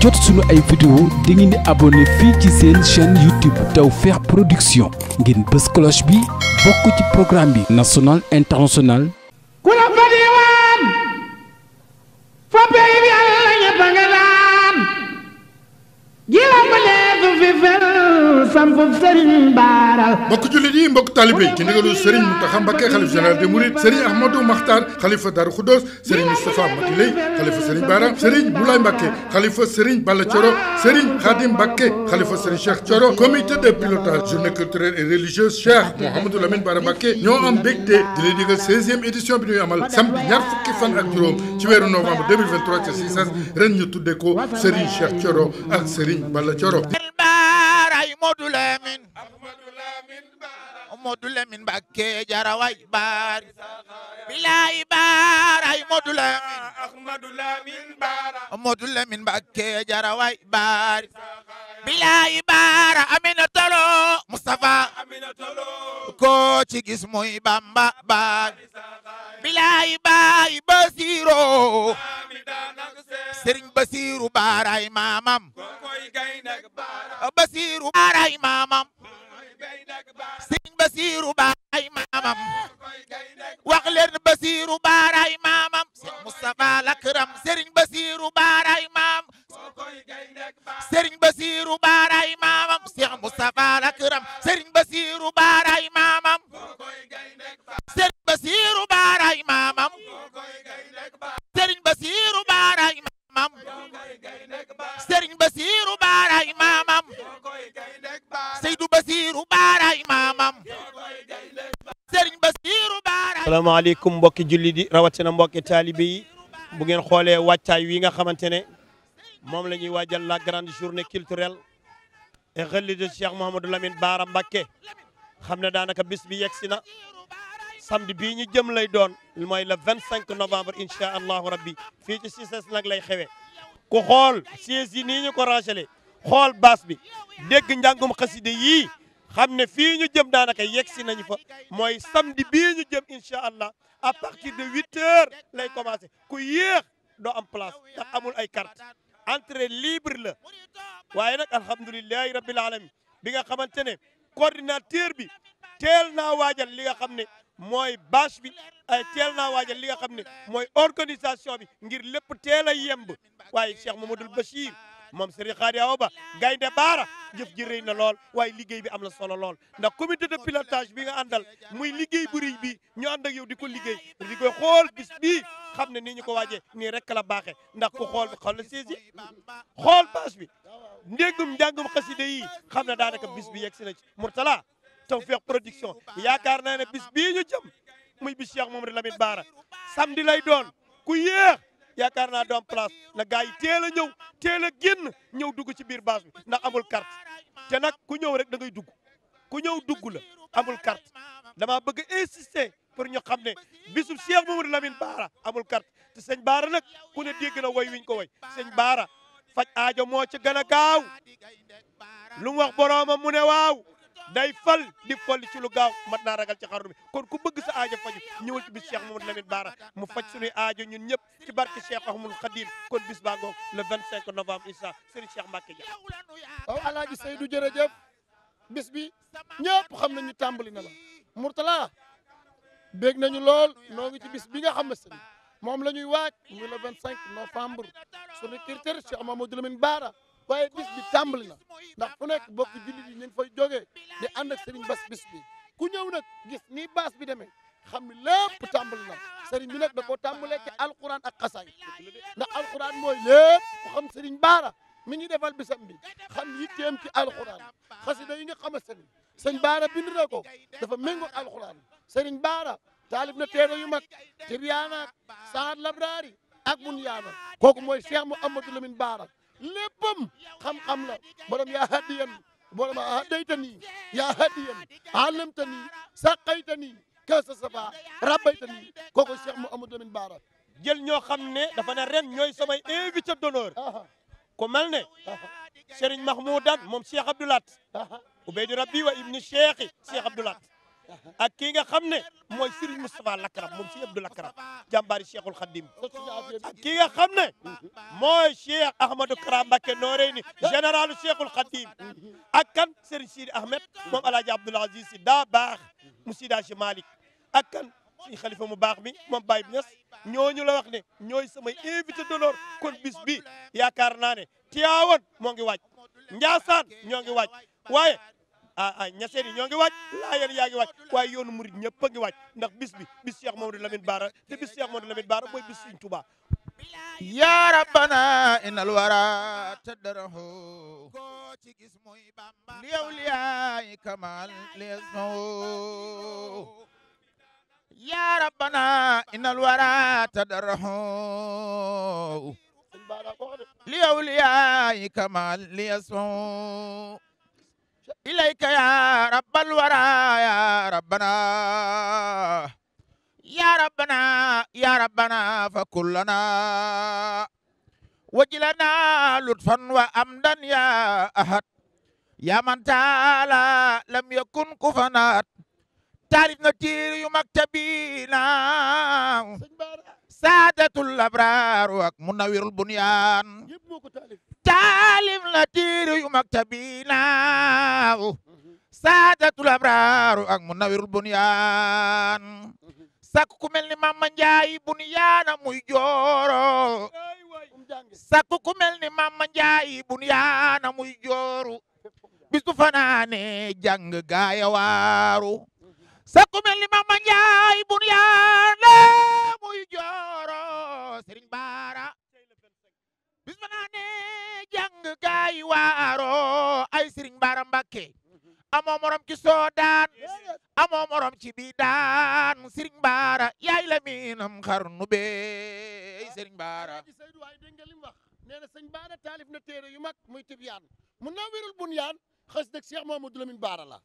jot suñu ay vidéo da ngeen di abonné fii ci seen chaîne YouTube Tawfekh Production ngeen bës cloche bi bokk ci programme bi national international ku la diwaan fa pey bi Yàlla ñëpp nga samp Serigne Bara mbokk jullit yi mbokk taalibe yi ci ndigalu Serigne Mountakha Mbacké xalif général des Mourides Serigne Ahmadou Makhtar xalifa Darou Khoudoss Serigne Moustapha Matiley xalifa Serigne Bara Serigne Moulay Mbacké xalifa Serigne Balla Thioro Serigne Khadim Mbacké xalifa Serigne Cheikh Thioro comité de pilotage journée culturelle et religieuse Cheikh Mouhamadou Lamine Bara Mbacké ñoo am mbégte di leen digal 16e édition bi ñuy amal samedi ñaar fukki fan ak juróom ci weeru novembre 2023 ci Sisas ren ñu tuddee ko Serigne Cheikh Thioro ak Serigne Balla Thioro Modou Lamine Modou Lamine Mbacké jaraway Mustafa ko ci gis muy Bamba baar bilaay baay Basiro Serigne Basiru baar ay mamam koy gay baar Basiiru baaray maamam Sëriñ Basiiru baaray maamam wax leen Basiiru baaray maamam Sëriñ Mustafa Lakram Sëriñ Basiiru baaray maam Sëriñ Basiiru baaray maamam Sëriñ Mustafa Lakram Sëriñ salaamaaleykum mbokki julli di rawatina mbokki taalibe yi bu ngeen xoolee wàccaay wi nga xamante ne moom la ñuy waajal la grande journée culturelle et religieuse Cheikh Mouhamadou Lamine Baara Mbacké xam ne daanaka bis bi yegg si na samedi bii ñu jëm lay doon mooy le 25 novembre incha allahu rabbi fii ci CICES nag lay xewee ko xool siège yi nii ñu ko rangele xool baas bi dégg njàngum xaside yii xam ne fii ñu jëm daanaka yegg si nañu fa mooy samedi bii ñu jëm incha allah a partir de huit heures lay commencé ku yéex do am place ndax amul ay carte entrée libre la waaye nag alhamdulilahi rabbil alamin bi nga xamante ne coordinateur bi teel naa waajal li nga xam ne mooy bâche bi teel naa waajal li nga xam ne mooy organisation bi ngir lépp teel a yemb waaye Cheikh Mamadou Bachir moom Serigne Khady Awa Ba gaynde baara jëf ji rëy na lool waaye liggéey bi am na solo lool ndax comité de pilotage bi nga àndal muy liggéey bu rëy bi ñu ànd ak yow di ko liggéey di ko xool gis xam ne nii ñu ko waaje nii rek la baaxee ndax ku xool bi xool na siis yi xool bâche bi ndéggum njàngum xaside yi xam ne daanaka bis bi yegg si na ci Mourtala Tawfekh Production yaakaar naa ne bis bii ñu jëm muy bis Cheikh mit Lamine Bara samedi lay doon ku yéex yaakaar naa doom place na gars yi teel a ñëw teel a génn ñëw dugg ci biir bâche bi ndax amul carte te nag ku ñëw rek da ngay dugg ku ñëw dugg la amul carte dama bëgg insister pour ñu xam ne bisub Cheikh Mamadou Lamine Baara amul carte te sëñ Baara nag ku ne dégg na woy wiñ ko woy sëñ Baara faj aajo moo ci gën a gaaw lu mu wax mu ne waaw day fal di folli ci lu gaaw mat naa ragal ci xarnu bi kon ku bëgg sa aajo faju ñëwal ci bis Cheikh Mamadou Lamine Bara mu faj suñuy aajo ñun ñëpp ci barke Cheikh Ahmadou Khadim kon bis baa ngoog le 25 novembre incha Serigne Cheikh Mbacke Dia. waaw oh, Alaaji Seydou jërëjëf bis bi ñëpp xam nañu tàmbali na la Mourtala bég nañu lool noo ngi ci bis bi nga xam ne sëñ moom la ñuy waaj muy le 25 novembre suñu critère Cheikh Mamadou Lamine Bara waaye bis bi tàmbali na. ndax fu nekk bokk jullit yi ñu ngi fay jógee di ànd bis bi ku ñëw nag gis nii baas bi demee xam ne lépp tàmbali na Serigne bi nag da koo tàmbalee ci alquran ak xasaay ndax alquran mooy lépp ku xam Serigne Baara mi ngi defal bisam bi xam yitteem ci alquran xasida yi nga xamante ni sëñ Baara bind na ko dafa méngoo alquran Serigne Baara taalib na téere yu mag ci Riyaana ak Saad Labraari ak mun yaana kooku mooy Cheikh Mouhamadou Lamine Baara. léppam xam-xam la borom yaa hadiyan borom hadaytani yaa hadiyan alamtani saqaytani kasa safa rabbaytani ko Cheikh Mouhamadou Lamine Bara jël ñoo xam ne dafa na ren ñooy samay invité d'honneur ku mel ne Serigne Mahmoudan moom Cheikh Abdoulat ubaydi rabbi wa ibni cheikhi Cheikh Abdoulat ak kii nga xam ne mooy Serigne Moustapha Lakaram moom Serigne Abdou Lakaram jàmbaari Cheikhul Khadim ak kii nga xam ne mooy Cheikh Ahmadou Kara Mbacké Noreyni généralu Cheikhul Khadim ak kan Serigne Sidi Ahmed moom Alaaji Abdoul Aziz Sy daa baax mu Sida Sy Malick ak kan suñu xalifa mu baax mi moom Baye Niass ñooñu la wax ne ñooy samay invité d'honneur kon bis bi yaakaar naa ne Tivaouane moo ngi waaj Ndiassane ñoo ngi waaj waaye ah ah ñoo ngi waaj laayeen yaa ngi waaj waaye yoonu murid ñëpp ndax bis bi bis Cheikh Mamadou Lamine Bara te bis Cheikh Mamadou Lamine Bara mooy bis ya rabbana inal wara tadarahu li awliyaay kamal lesno ya rabbana inal wara tadarahu إليك يا رب الورى يا ربنا يا ربنا يا ربنا فكلنا وجلنا لطفا وأمدا يا أحد يا من تعالى لم يكن كفنات تعرف نتير مكتبينا سعادة الأبرار ومنور البنيان taalim la diiru yu maktabinaaw saadatul abraaru ak munawirul bunyaan sakku ku mel ni Mama Njaay bunyaana muy jooro sakku ni Mama Njaay bunyaana muy jooru bisu fanaane jàng gaaya waaru sakku ni Mama Njaay bunyaana muy jooro Serigne Bara fanaane jàng gaay waaro ay sëriñ Bara Mbakke amoo morom ci soodaan amoo morom ci bi daan sëriñ Bara yaay la miinam xarnu bee sëriñ Bara Seydou waay taalif na téere yu mag muy tibyaan mun naa wérul bun yaan xës dëgg Cheikh Mamadou Lamine la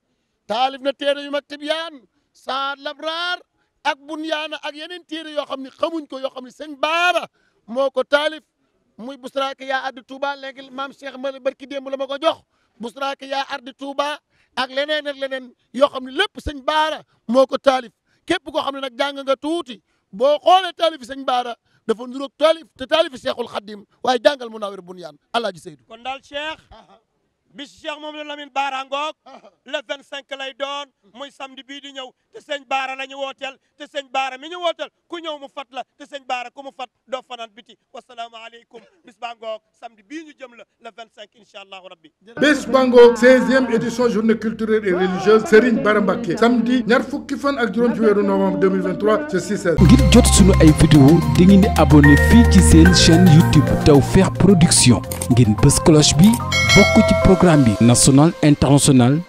taalif na téere yu mag tibyaan saad ak bun ak yeneen téere yoo xam ne xamuñ ko yoo xam ne sëñ Bara moo ko taalif muy busraak yaa ardi Touba léegi maam Cheikh ma barki démb la ma ko jox busraak yaa ardi Touba ak leneen leneen yoo xam ne lépp sëñ Baara moo ko taalif képp koo xam ne nag jàng nga tuuti boo xoolee taalifi sëñ Baara dafa nuroog taalif te taalifi Cheikhul Xadim waaye jàngal Munawwir Bunyaan Alaaji Seydou kon daal Cheikh bis Cheikh moom la Lamine Baara ngoog le 25 lay doon muy samedi bii di ñëw te sëñ Baara la ñu wooteel te sëñ Baara mi ñu wooteel ku ñëw mu fat la te sëñ Baara ku mu fat doo fanaan biti wasalaamaaleykum bis ba ngoog samedi bii ñu jëm la le 25 incha allahu rabbi bis ba ngoog 16e édition journée culturelle et religieuse Serigne Bara Mbacké samedi ñaar fukki fan ak juróom ci weeru novembre 2023 ci 6h. ngir jot sunu ay vidéo di ngeen di abonné fii ci seen chaîne YouTube Tawfekh Production ngeen bës cloche bi bokk ci programme programme bi national international